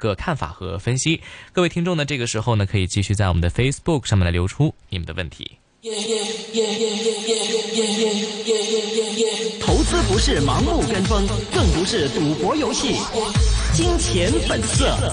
個看法和分析，各位聽眾呢，這個時候呢，可以繼續在我們的 Facebook 上面來留出你們的問題。投資不是盲目跟風，更不是賭博遊戲，金錢本色。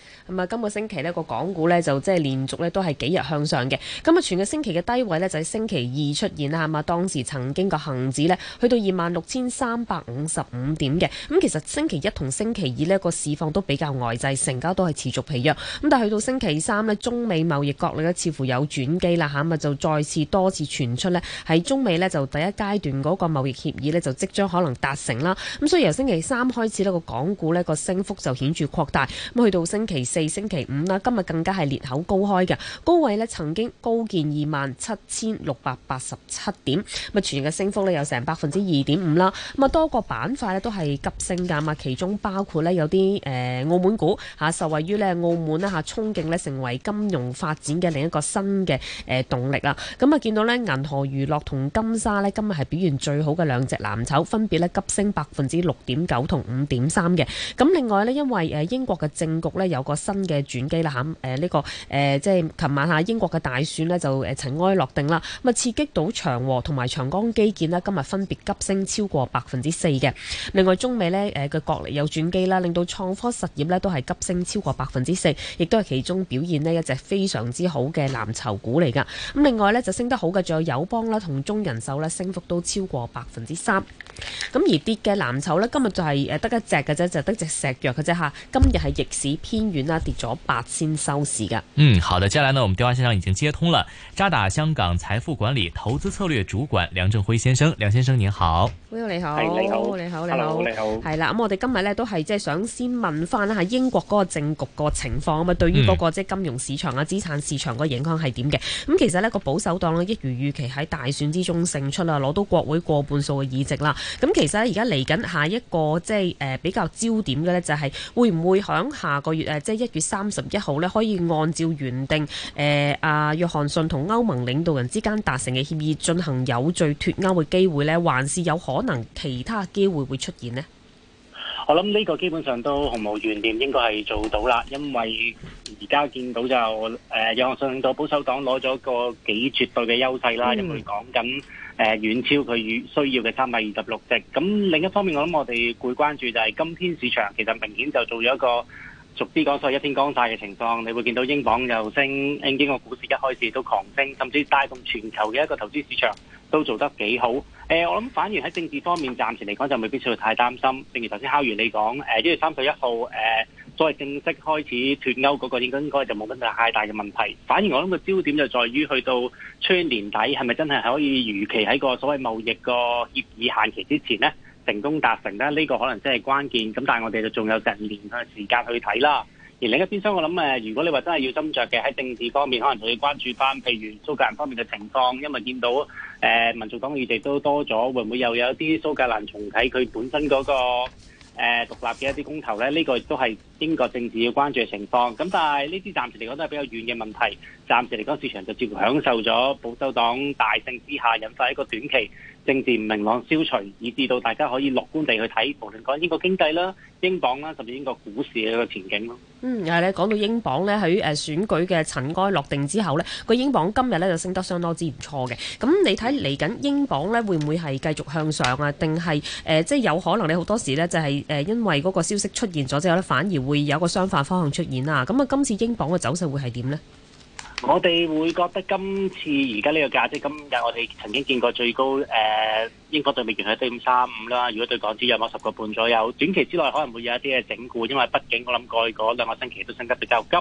咁啊，今個星期呢個港股呢，就即係連續呢都係幾日向上嘅。咁啊，全個星期嘅低位呢，就喺星期二出現啦嚇嘛。當時曾經個恒指呢，去到二萬六千三百五十五點嘅。咁其實星期一同星期二呢個市況都比較呆滯，成交都係持續疲弱。咁但係去到星期三呢，中美貿易角力呢，似乎有轉機啦嚇嘛，就再次多次傳出呢，喺中美呢，就第一階段嗰個貿易協議呢，就即將可能達成啦。咁所以由星期三開始呢個港股呢個升幅就顯著擴大。咁去到星期四，星期五啦，今日更加係裂口高開嘅，高位曾經高見二萬七千六百八十七點，咁啊全日嘅升幅有成百分之二點五啦，咁啊多個板塊都係急升噶，啊其中包括有啲誒澳門股吓，受惠於澳門咧吓，憧憬成為金融發展嘅另一個新嘅誒動力啦，咁啊見到銀河娛樂同金沙今日係表現最好嘅兩隻藍籌，分別急升百分之六點九同五點三嘅，咁另外呢，因為誒英國嘅政局有個新。新嘅轉機啦嚇，誒、呃、呢、這個誒、呃、即係琴晚嚇英國嘅大選呢，就誒塵埃落定啦，咁啊刺激到長和同埋長江基建咧，今日分別急升超過百分之四嘅。另外中美咧誒嘅角力有轉機啦，令到創科實業咧都係急升超過百分之四，亦都係其中表現呢一隻非常之好嘅藍籌股嚟噶。咁另外呢就升得好嘅，仲有友邦啦同中人壽咧升幅都超過百分之三。咁而跌嘅藍籌呢，今日就係誒得一隻嘅啫，就得隻石藥嘅啫嚇。今日係逆市偏軟。跌咗八千收市噶。嗯，好的。接下嚟呢，我們電話線上已經接通了渣打香港財富管理投資策略主管梁振輝先生。梁先生您好，你好。你好，你好，你好，你好，你好。係啦，咁、嗯、我哋今日呢，都係即係想先問翻下英國嗰個政局個情況啊嘛。對於嗰個即係金融市場啊、資產市場個影響係點嘅？咁、嗯、其實呢個保守黨咧一如預期喺大選之中勝出啦，攞到國會過半數嘅議席啦。咁其實咧而家嚟緊下一個即係誒比較焦點嘅呢，就係會唔會響下個月誒、呃、即係？一月三十一號咧，可以按照原定誒、呃、約翰遜同歐盟領導人之間達成嘅協議進行有序脱歐嘅機會呢？還是有可能其他機會會出現呢？我諗呢個基本上都毫無懸念，應該係做到啦。因為而家見到就誒、呃、約翰遜領導保守黨攞咗個幾絕對嘅優勢啦，入去講緊誒遠超佢需要嘅三百二十六席。咁另一方面，我諗我哋會關注就係今天市場其實明顯就做咗一個。逐啲講，所謂一天光晒嘅情況，你會見到英鎊又升，英鎊個股市一開始都狂升，甚至帶動全球嘅一個投資市場都做得幾好。誒、呃，我諗反而喺政治方面，暫時嚟講就未必需要太擔心。正如頭先考完你講，誒、呃、一月三十一號誒，所謂正式開始脫歐嗰個應該就冇乜太大嘅問題。反而我諗個焦點就在於去到出年底，係咪真係可以如期喺個所謂貿易個協議限期之前呢？成功達成啦，呢、這個可能真係關鍵。咁但係我哋就仲有近年嘅時間去睇啦。而另一邊廂，我諗誒，如果你話真係要斟酌嘅喺政治方面，可能就要關注翻，譬如蘇格蘭方面嘅情況，因為見到誒、呃、民族黨議題都多咗，會唔會又有啲蘇格蘭重啟佢本身嗰、那個誒、呃、獨立嘅一啲公投咧？呢、這個亦都係英國政治要關注嘅情況。咁但係呢啲暫時嚟講都係比較遠嘅問題。暫時嚟講，市場就接連享受咗保守黨大勝之下，引發一個短期。政治唔明朗消除，以至到大家可以樂觀地去睇，無論講英國經濟啦、英鎊啦，甚至英國股市嘅一個前景咯。嗯，又係你講到英鎊咧，喺誒選舉嘅塵埃落定之後咧，個英鎊今日咧就升得相當之唔錯嘅。咁你睇嚟緊英鎊咧會唔會係繼續向上啊？定係誒即係有可能你好多時咧就係誒因為嗰個消息出現咗之後咧，反而會有個相反方向出現啊？咁啊，今次英鎊嘅走勢會係點呢？我哋會覺得今次而家呢個價，即係今日我哋曾經見過最高，誒、呃，英國對美元係低五三五啦。如果對港紙約莫十個半左右，短期之內可能會有一啲嘅整固，因為畢竟我諗過去嗰兩個星期都升得比較急。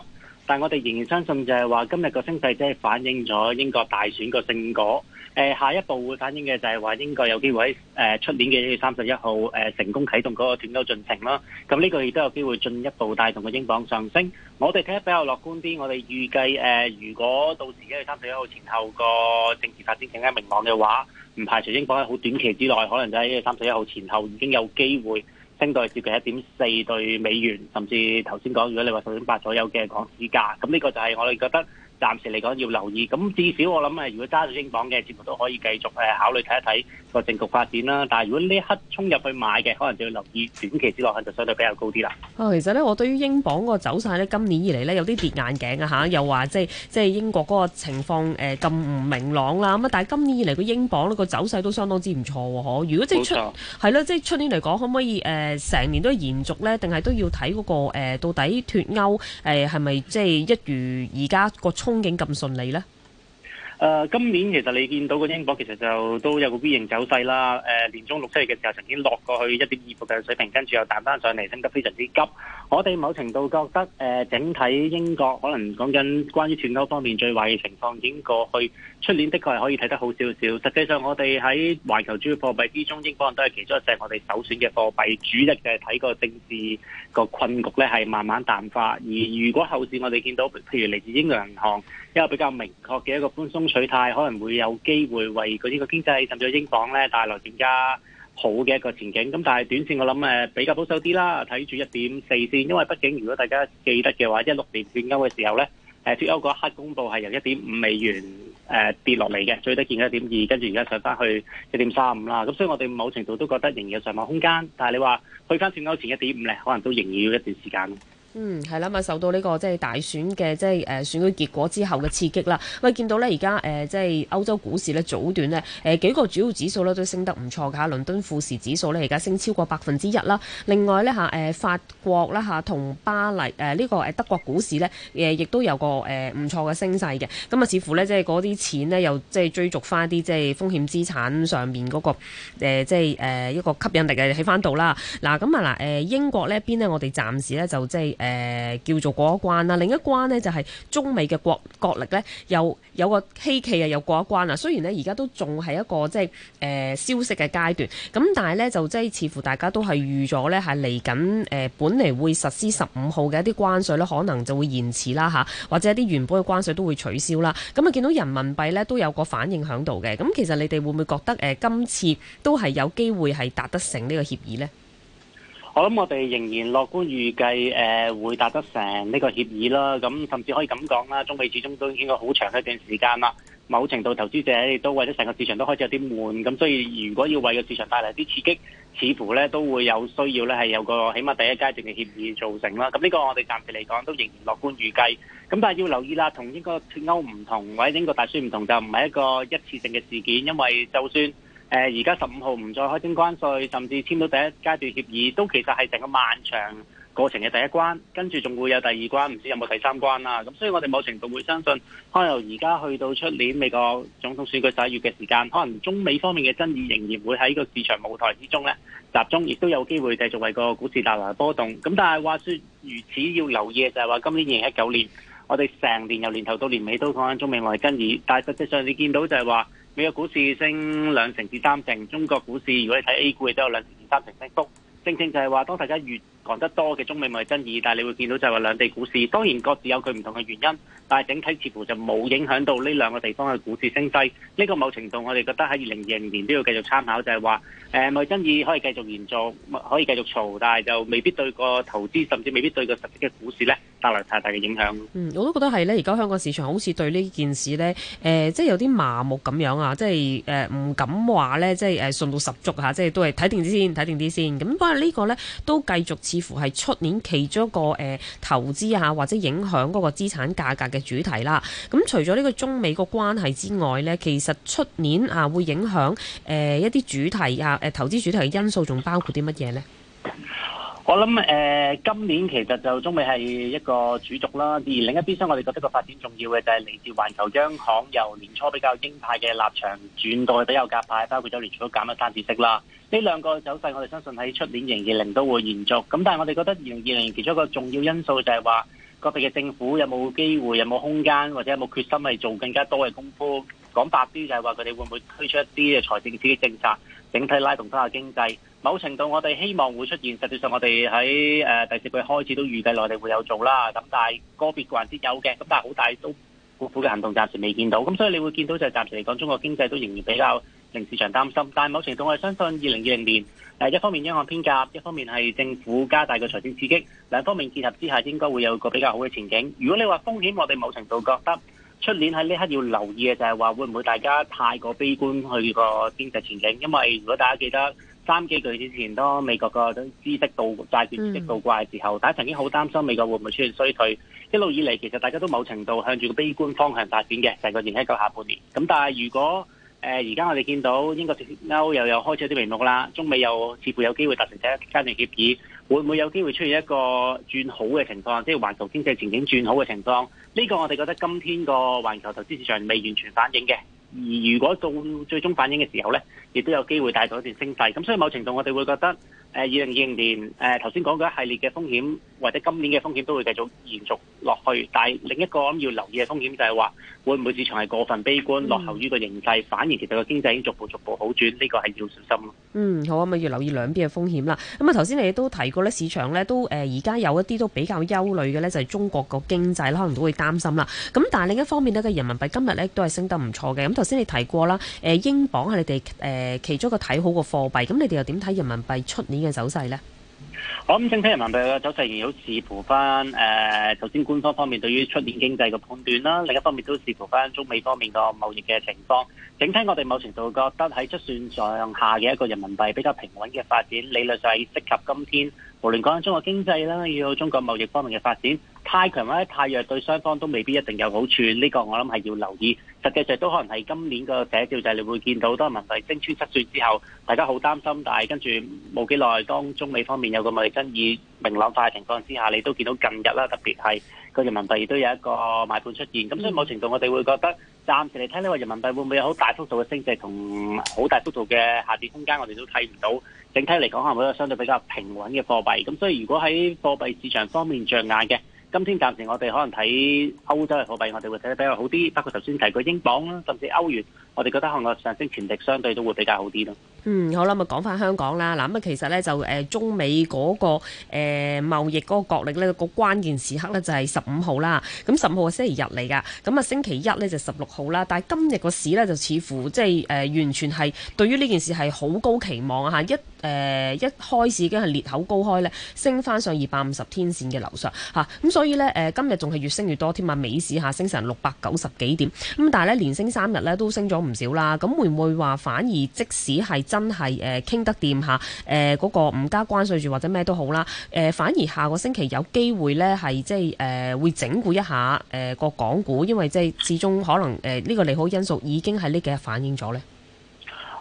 但係我哋仍然相信就係話今日個升勢即係反映咗英國大選個勝果。誒、呃、下一步會反映嘅就係話英國有機會喺誒出、呃、年嘅一月三十一號誒成功啓動嗰個斷交進程啦。咁呢個亦都有機會進一步帶動個英鎊上升。我哋睇得比較樂觀啲，我哋預計誒、呃、如果到時一月三十一號前後個政治發展更加明朗嘅話，唔排除英鎊喺好短期之內可能就喺一月三十一號前後已經有機會。升到係接近一點四對美元，甚至頭先講，如果你話十點八左右嘅港紙價。咁呢個就係我哋覺得。暫時嚟講要留意，咁至少我諗啊，如果揸住英鎊嘅，似乎都可以繼續誒考慮睇一睇個政局發展啦。但係如果呢一刻衝入去買嘅，可能就要留意短期之內係就相對比較高啲啦。其實咧，我對於英鎊個走勢咧，今年以嚟咧有啲跌眼鏡呀嚇，又話即係即係英國嗰個情況誒咁唔明朗啦。咁啊，但係今年以嚟個英鎊咧個走勢都相當之唔錯喎，如果即係出係啦，即係出年嚟講可唔可以誒成、呃、年都係延續咧？定係都要睇嗰、嗰個、呃、到底脫歐誒係咪即係一如而家個風景咁順利咧～誒、呃，今年其實你見到個英鎊其實就都有個 V 型走勢啦。誒、呃，年中六七月嘅時候曾經落過去一點二附近嘅水平，跟住又彈翻上嚟，升得非常之急。我哋某程度覺得、呃、整體英國可能講緊關於脫歐方面最壞嘅情況已經過去。出年的確係可以睇得好少少。實際上我哋喺環球主要貨幣之中，英鎊都係其中一隻我哋首選嘅貨幣。主力嘅。睇個政治個困局咧，係慢慢淡化。而如果後市我哋見到，譬如嚟自英國銀行一個比較明確嘅一個寬鬆取態可能會有機會為佢呢個經濟甚至係英鎊咧帶來更加好嘅一個前景。咁但係短線我諗誒比較保守啲啦，睇住一點四線。因為畢竟如果大家記得嘅話，一六年脫歐嘅時候咧，誒脫歐嗰一刻公佈係由一點五美元誒、呃、跌落嚟嘅，最低見到一點二，跟住而家上翻去一點三五啦。咁所以我哋某程度都覺得仍然有上望空間。但係你話去翻脫歐前一點五咧，可能都仍然要一段時間。嗯，係啦嘛，受到呢個即係大選嘅即係誒選舉結果之後嘅刺激啦，我見到呢，而、呃、家即係歐洲股市呢，早段呢誒幾個主要指數呢都升得唔錯㗎，倫敦富時指數呢，而家升超過百分之一啦。另外呢，嚇、呃、法國啦嚇同巴黎呢、呃呢個德國股市呢，亦、呃、都有個唔、呃、錯嘅升勢嘅。咁啊，似乎呢，即係嗰啲錢呢，又即係追逐翻啲即係風險資產上面嗰、嗰個、呃、即係、呃、一個吸引力嘅喺翻度啦。嗱咁啊嗱英國呢邊呢，我哋暫時呢就即係。誒、呃、叫做過一關啦，另一關呢，就係、是、中美嘅國國力呢，又有個稀奇啊，又過一關啊。雖然呢，而家都仲係一個即係誒消息嘅階段，咁但係呢，就即係似乎大家都係預咗呢，係嚟緊誒本嚟會實施十五號嘅一啲關稅呢，可能就會延遲啦嚇，或者一啲原本嘅關稅都會取消啦。咁啊見到人民幣呢，都有個反應響度嘅，咁其實你哋會唔會覺得誒、呃、今次都係有機會係達得成呢個協議呢？我諗我哋仍然樂觀預計，誒，會達得成呢個協議啦。咁甚至可以咁講啦，中美始終都已經好長一段時間啦。某程度投資者都為咗成個市場都開始有啲悶，咁所以如果要為個市場帶嚟啲刺激，似乎咧都會有需要咧係有個起碼第一階段嘅協議造成啦。咁呢個我哋暫時嚟講都仍然樂觀預計。咁但係要留意啦，同英國脫歐唔同，或者英國大選唔同，就唔係一個一次性嘅事件，因為就算。誒、呃，而家十五號唔再開徵關稅，甚至簽到第一階段協議，都其實係成個漫長過程嘅第一關，跟住仲會有第二關，唔知有冇第三關啦、啊。咁所以我哋某程度會相信，可能而家去到出年美國總統選舉十一月嘅時間，可能中美方面嘅爭議仍然會喺個市場舞台之中咧集中，亦都有機會繼續為個股市帶來波動。咁但係話說如此要留意嘅就係話，今年二零一九年，我哋成年由年頭到年尾都講緊中美內爭議，但係實際上你見到就係話。美國股市升兩成至三成，中國股市如果你睇 A 股亦都有兩成至三成升幅，正正就係話當大家越講得多嘅中美貿易爭議，但係你會見到就係話兩地股市，當然各自有佢唔同嘅原因，但係整體似乎就冇影響到呢兩個地方嘅股市升勢。呢個某程度我哋覺得喺二零二零年都要繼續參考，就係話誒貿易爭議可以繼續延續，可以繼續嘈，但係就未必對個投資甚至未必對個實質嘅股市咧帶來太大嘅影響。嗯，我都覺得係咧，而家香港市場好似對呢件事咧誒，即係有啲麻木咁樣啊，即係誒唔敢話咧，即係誒信到十足嚇，即係都係睇定啲先，睇定啲先。咁不過呢個咧都繼續。似乎係出年其中一個誒投資啊，或者影響嗰個資產價格嘅主題啦。咁除咗呢個中美個關係之外呢，其實出年啊會影響誒一啲主題啊，誒投資主題嘅因素仲包括啲乜嘢呢？我諗誒、呃，今年其實就中美係一個主軸啦，而另一邊廂我哋覺得個發展重要嘅就係嚟自環球央行由年初比較鷹派嘅立場轉到比較鴿派，包括咗年初都減咗三次息啦。呢兩個走勢我哋相信喺出年二零二零都會延續。咁但係我哋覺得二零二零其中一個重要因素就係話各地嘅政府有冇機會，有冇空間，或者有冇決心嚟做更加多嘅功夫。講白啲就係話佢哋會唔會推出一啲嘅財政刺激政策，整體拉動返下經濟。某程度我哋希望會出現，實際上我哋喺、呃、第四季開始都預計內地會有做啦，咁但係個別個環節有嘅，咁但係好大都政府嘅行動暫時未見到，咁所以你會見到就係暫時嚟講中國經濟都仍然比較令市場擔心。但係某程度我哋相信2020年，二零二零年一方面央行偏價一方面係政府加大個財政刺激，兩方面結合之下應該會有個比較好嘅前景。如果你話風險我哋某程度覺得出年喺呢刻要留意嘅就係話會唔會大家太過悲觀去個經濟前景，因為如果大家記得。三幾個月之前咯，美國個孳息倒債券孳息倒掛嘅時候，大、嗯、家曾經好擔心美國會唔會出現衰退。一路以嚟，其實大家都某程度向住個悲觀方向發展嘅，成係個二零一九下半年。咁但係如果誒而家我哋見到英國脱歐又又開始有啲眉目啦，中美又似乎有機會達成第一階段協議，會唔會有機會出現一個轉好嘅情況，即係環球經濟前景轉好嘅情況？呢、這個我哋覺得今天個環球投資市場未完全反映嘅。而如果到最終反映嘅時候呢，亦都有機會帶動一段升勢。咁所以某程度我哋會覺得，誒二零二零年誒頭先講嘅一系列嘅風險，或者今年嘅風險都會繼續延續落去。但係另一個要留意嘅風險就係話，會唔會市場係過分悲觀，落後於個形勢，嗯，反而其實個經濟已經逐步逐步好轉。呢個係要小心咯。嗯，好啊，咪要留意兩邊嘅風險啦。咁啊頭先你都提過呢，市場呢都誒而家有一啲都比較憂慮嘅呢，就係中國個經濟可能都會擔心啦。咁但係另一方面呢，個人民幣今日呢都係升得唔錯嘅。頭先你提過啦，誒，英鎊係你哋誒其中一個睇好嘅貨幣，咁你哋又點睇人民幣出年嘅走勢呢？好，咁整體人民幣嘅走勢仍然好視乎翻誒、頭、呃、先官方方面對於出年經濟嘅判斷啦，另一方面都視乎翻中美方面個貿易嘅情況。整體我哋某程度覺得喺出算上下嘅一個人民幣比較平穩嘅發展，理論上係適合今天，無論講緊中國經濟啦，要中國貿易方面嘅發展。太強或者太弱對雙方都未必一定有好處，呢、這個我諗係要留意。實際上都可能係今年個寫照，就係、是、你會見到當人民幣升穿七歲之後，大家好擔心，但係跟住冇幾耐，當中美方面有個貿易爭議明朗化嘅情況之下，你都見到近日啦，特別係個人民幣也都有一個買盤出現。咁所以某程度我哋會覺得暫時嚟睇呢個人民幣會唔會有好大幅度嘅升值同好大幅度嘅下跌空間，我哋都睇唔到。整體嚟講，可能一個相對比較平穩嘅貨幣。咁所以如果喺貨幣市場方面著眼嘅，今天暫時我哋可能睇歐洲嘅貨幣，我哋會睇得比較好啲。包括頭先提過英鎊啦，甚至歐元。我哋覺得可能上升潛力相對都會比較好啲咯。嗯，好啦，咪講翻香港啦。嗱，咁啊，其實咧就誒中美嗰、那個誒貿、呃、易嗰個角力呢、那個關鍵時刻咧就係十五號啦。咁十五號係星期日嚟噶，咁啊星期一咧就十、是、六號啦。但係今日個市咧就似乎即係誒完全係對於呢件事係好高期望啊！一誒、呃、一開市已經係裂口高開咧，升翻上二百五十天線嘅樓上嚇。咁、啊、所以咧誒、呃、今日仲係越升越多添啊！美市嚇升成六百九十幾點，咁但係咧連升三日咧都升咗。唔少啦，咁會唔會話反而即使係真係誒傾得掂下誒嗰個唔加關稅住或者咩都好啦誒、呃，反而下個星期有機會呢，係即係誒會整固一下誒個、呃、港股，因為即係始終可能誒呢個利好因素已經喺呢幾日反映咗呢。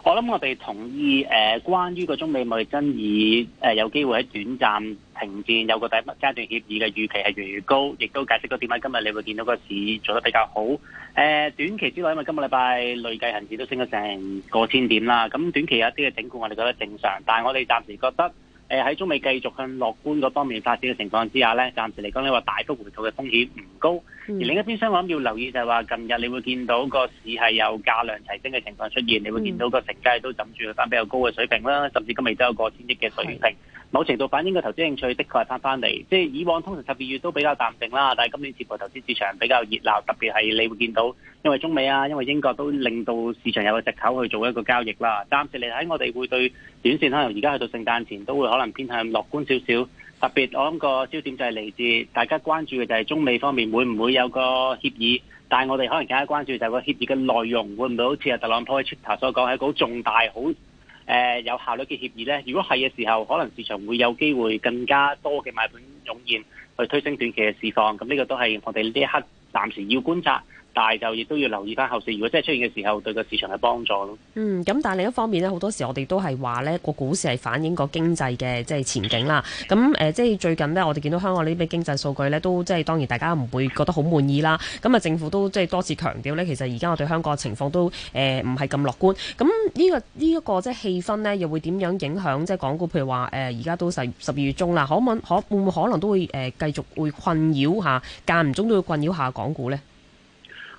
我諗我哋同意誒、呃，關於個中美貿易爭議誒、呃、有機會喺短暫停戰，有個第一階段協議嘅預期係越嚟越高，亦都解釋到點解今日你會見到個市做得比較好。誒短期之內，因為今個禮拜累計恒指都升咗成個千點啦。咁短期有一啲嘅整固，我哋覺得正常。但係我哋暫時覺得，誒、呃、喺中美繼續向樂觀嗰方面發展嘅情況之下咧，暫時嚟講，你話大幅回吐嘅風險唔高、嗯。而另一邊相反，要留意就係話，近日你會見到個市係有價量齊升嘅情況出現，嗯、你會見到個成交都枕住翻比較高嘅水平啦，甚至今日都有個千億嘅水平。某程度反映個投資興趣的確係翻返嚟，即係以往通常十二月都比較淡靜啦，但係今年似乎投資市場比較熱鬧，特別係你會見到因為中美啊，因為英國都令到市場有個藉口去做一個交易啦。暫時嚟睇，我哋會對短線可能而家去到聖誕前都會可能偏向樂觀少少，特別我諗個焦點就係嚟自大家關注嘅就係中美方面會唔會有個協議，但係我哋可能更加關注就係個協議嘅內容會唔會好似阿特朗普喺 Twitter 所講係一個重大好。誒、呃、有效率嘅協議呢，如果係嘅時候，可能市場會有機會更加多嘅買盤湧現，去推升短期嘅市況。咁呢個都係我哋呢一刻暫時要觀察。大就亦都要留意翻後市，如果真係出現嘅時候，對個市場嘅幫助咯。嗯，咁但係另一方面呢，好多時我哋都係話呢個股市係反映個經濟嘅即係前景啦。咁誒、呃，即係最近呢，我哋見到香港呢啲經濟數據呢，都即係當然大家唔會覺得好滿意啦。咁啊，政府都即係多次強調呢，其實而家我對香港嘅情況都誒唔係咁樂觀。咁呢、這個呢一、這個即係氣氛呢，又會點樣影響即係港股？譬如話誒，而、呃、家都十十二月中啦，可唔可會唔會可能都會誒繼、呃、續會困擾下，間唔中都會困擾下港股呢。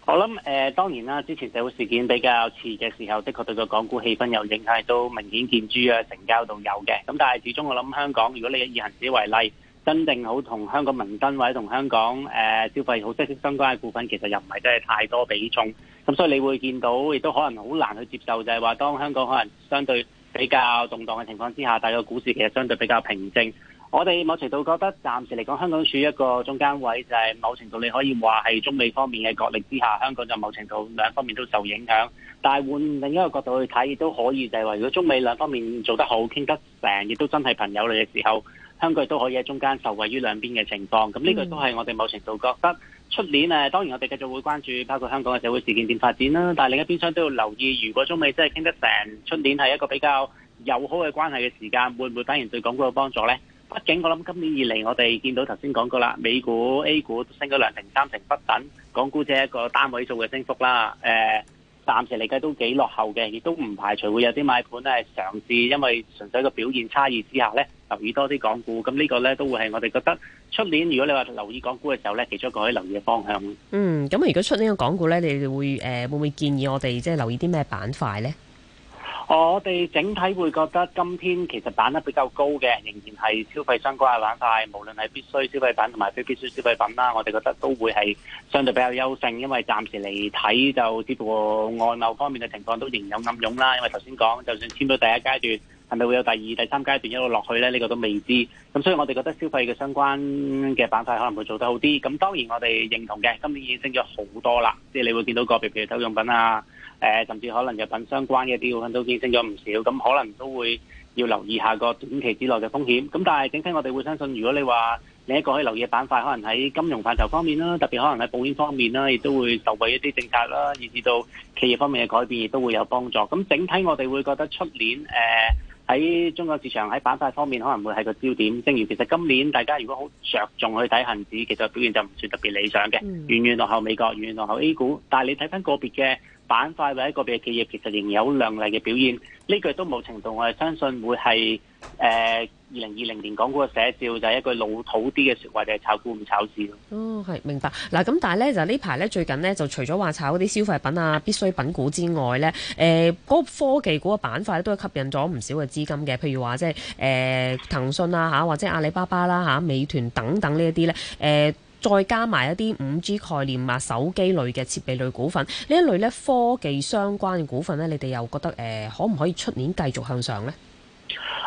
我諗誒、呃，當然啦，之前社會事件比較遲嘅時候，的確對個港股氣氛有影響，都明顯見諸啊成交度有嘅。咁但係始終我諗香港，如果你以恆指為例，真正好同香港民生或者同香港誒、呃、消費好息息相關嘅股份，其實又唔係真係太多比重。咁所以你會見到，亦都可能好難去接受，就係、是、話當香港可能相對比較動盪嘅情況之下，但係個股市其實相對比較平靜。我哋某程度覺得暫時嚟講，香港處於一個中間位，就係某程度你可以話係中美方面嘅角力之下，香港就某程度兩方面都受影響。但係換另一個角度去睇，亦都可以就係話如果中美兩方面做得好，傾得成，亦都真係朋友嚟嘅時候，香港都可以喺中間受惠於兩邊嘅情況。咁呢個都係我哋某程度覺得出年誒、啊，當然我哋繼續會關注包括香港嘅社會事件點發展啦、啊。但係另一邊廂都要留意，如果中美真係傾得成，出年係一個比較友好嘅關係嘅時間，會唔會反而對港股有幫助呢？畢竟我諗今年以嚟，我哋見到頭先講過啦，美股、A 股都升咗兩成、三成不等，港股只係一個單位數嘅升幅啦。誒、呃，暫時嚟計都幾落後嘅，亦都唔排除會有啲買盤咧係嘗試，因為純粹個表現差異之下咧，留意多啲港股。咁呢個咧都會係我哋覺得出年如果你話留意港股嘅時候咧，其中一個可以留意嘅方向。嗯，咁如果出年嘅港股咧，你哋會誒、呃、會唔會建議我哋即係留意啲咩板塊咧？我哋整體會覺得今天其實彈得比較高嘅，仍然係消費相關嘅板塊，無論係必需消費品同埋非必需消費品啦。我哋覺得都會係相對比較優勝，因為暫時嚟睇就似乎外貿方面嘅情況都仍有暗湧啦。因為頭先講，就算簽到第一階段，係咪會有第二、第三階段一路落去咧？呢個都未知。咁所以我哋覺得消費嘅相關嘅板塊可能會做得好啲。咁當然我哋認同嘅，今年已經升咗好多啦。即係你會見到個別嘅譬如手用品啊。誒，甚至可能藥品相關嘅啲股份都見升咗唔少，咁可能都會要留意下個短期之內嘅風險。咁但係整體我哋會相信，如果你話另一個可以留意嘅板塊，可能喺金融範疇方面啦，特別可能喺保險方面啦，亦都會受惠一啲政策啦，以至到企業方面嘅改變亦都會有幫助。咁整體我哋會覺得出年誒喺中國市場喺板塊方面可能會係個焦點。正如其實今年大家如果好着重去睇恒指，其實表現就唔算特別理想嘅，遠遠落後美國，遠遠落後 A 股。但係你睇翻個別嘅板塊或者個別嘅企業其實仍有亮麗嘅表現，呢句都冇程度，我係相信會係誒二零二零年港股嘅寫照，就係一句老土啲嘅説話，就係炒股唔炒市咯。哦，係明白。嗱、啊，咁但係咧就呢排咧最近咧就除咗話炒啲消費品啊、必需品股之外咧，誒嗰個科技股嘅板塊都係吸引咗唔少嘅資金嘅，譬如話即係誒騰訊啊嚇，或者阿里巴巴啦、啊、嚇、啊、美團等等呢啲呢一啲咧誒。呃再加埋一啲五 G 概念啊，手機類嘅設備類股份呢一類咧，科技相關嘅股份咧，你哋又覺得誒、呃、可唔可以出年繼續向上咧？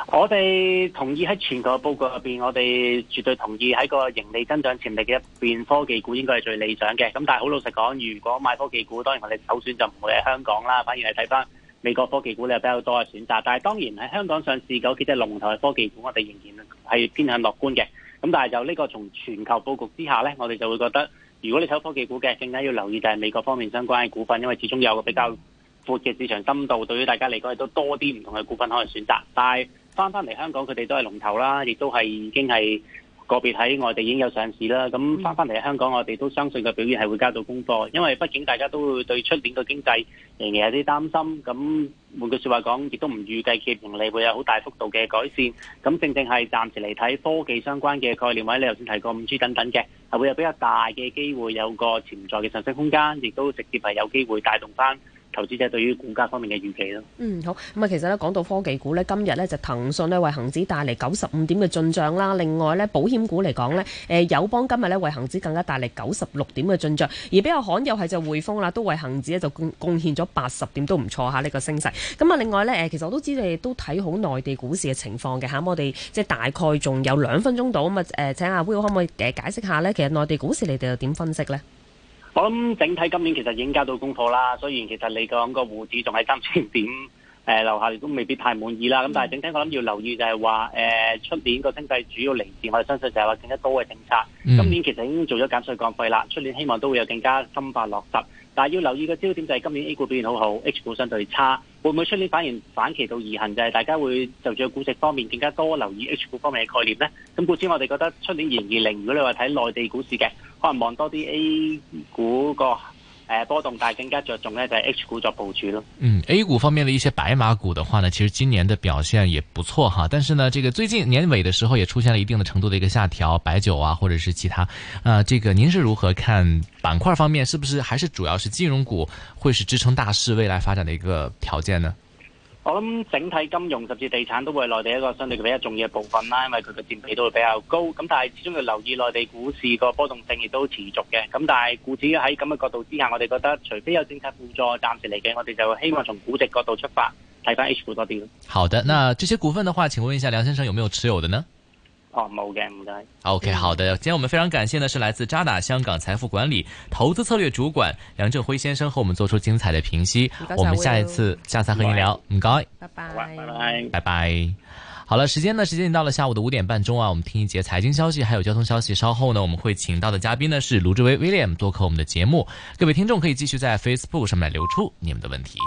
我哋同意喺前頭嘅報告入邊，我哋絕對同意喺個盈利增長潛力嘅入邊，科技股應該係最理想嘅。咁但係好老實講，如果買科技股，當然我哋首選就唔會喺香港啦，反而係睇翻美國科技股，你有比較多嘅選擇。但係當然喺香港上市嗰幾隻龍頭嘅科技股，我哋仍然係偏向樂觀嘅。咁但係就呢個從全球佈局之下呢，我哋就會覺得，如果你睇科技股嘅，更加要留意就係美國方面相關嘅股份，因為始終有個比較闊嘅市場深度，對於大家嚟講亦都多啲唔同嘅股份可以選擇。但係返返嚟香港，佢哋都係龍頭啦，亦都係已經係。個別喺外地已經有上市啦，咁翻翻嚟香港，我哋都相信個表現係會交到功課，因為畢竟大家都會對出年嘅經濟仍然有啲擔心。咁換句說話講，亦都唔預計企業盈利會有好大幅度嘅改善。咁正正係暫時嚟睇科技相關嘅概念，或者你頭先提過五 G 等等嘅，係會有比較大嘅機會有個潛在嘅上升空間，亦都直接係有機會帶動翻。投資者對於股價方面嘅預期咯。嗯，好。咁啊，其實咧講到科技股咧，今日咧就騰訊咧為恒指帶嚟九十五點嘅進賬啦。另外咧，保險股嚟講咧，誒友邦今日咧為恒指更加帶嚟九十六點嘅進賬。而比較罕有係就匯豐啦，都為恒指咧就貢貢獻咗八十點都唔錯嚇呢個升勢。咁啊，另外咧誒，其實我知道都知你都睇好內地股市嘅情況嘅嚇。我哋即係大概仲有兩分鐘到啊嘛。誒，請阿 Will 可唔可以誒解釋一下咧？其實內地股市你哋又點分析呢？我諗整體今年其實已經交到功課啦，雖然其實你講個滬指仲喺三千點誒、呃、樓下，亦都未必太滿意啦。咁但係整體我諗要留意就係話，誒、呃、出年個經濟主要嚟自我哋相信就係話更加高嘅政策。今年其實已經做咗減稅降費啦，出年希望都會有更加深化落實。但係要留意嘅焦點就係今年 A 股表現好好，H 股相對差，會唔會出年反而反其道而行，就係、是、大家會就住股值方面更加多留意 H 股方面嘅概念呢？咁故此我哋覺得出年仍然，如果你話睇內地股市嘅，可能望多啲 A 股個。波動大更加着重呢，就係 H 股作部署咯。嗯，A 股方面的一些白馬股的話呢，其實今年的表現也不錯哈。但是呢，這個最近年尾的時候也出現了一定的程度的一個下調，白酒啊，或者是其他。啊、呃，這個您是如何看板塊方面？是不是還是主要是金融股會是支撐大市未來發展的一個條件呢？我諗整體金融甚至地產都會係內地一個相對比較重要嘅部分啦，因為佢嘅佔比都會比較高。咁但係始終要留意內地股市個波動性亦都持續嘅。咁但係股市喺咁嘅角度之下，我哋覺得除非有政策輔助，暫時嚟嘅，我哋就希望從估值角度出發睇返 H 股多啲咯。好的，那這些股份的話，請問一下梁先生有沒有持有的呢？冇嘅唔該。O、okay, K 好的，今天我們非常感謝呢是來自渣打香港財富管理投資策略主管梁正輝先生和我們做出精彩的評析。謝謝，我們下一次謝謝，下一次和你聊唔該。拜拜拜拜拜拜，好了，時間呢時間已經到了下午的五點半鐘啊，我們聽一節財經消息還有交通消息，稍後呢我們會請到的嘉賓呢是盧志威 William 做客我們的節目，各位聽眾可以繼續在 Facebook 上面留出你們的問題。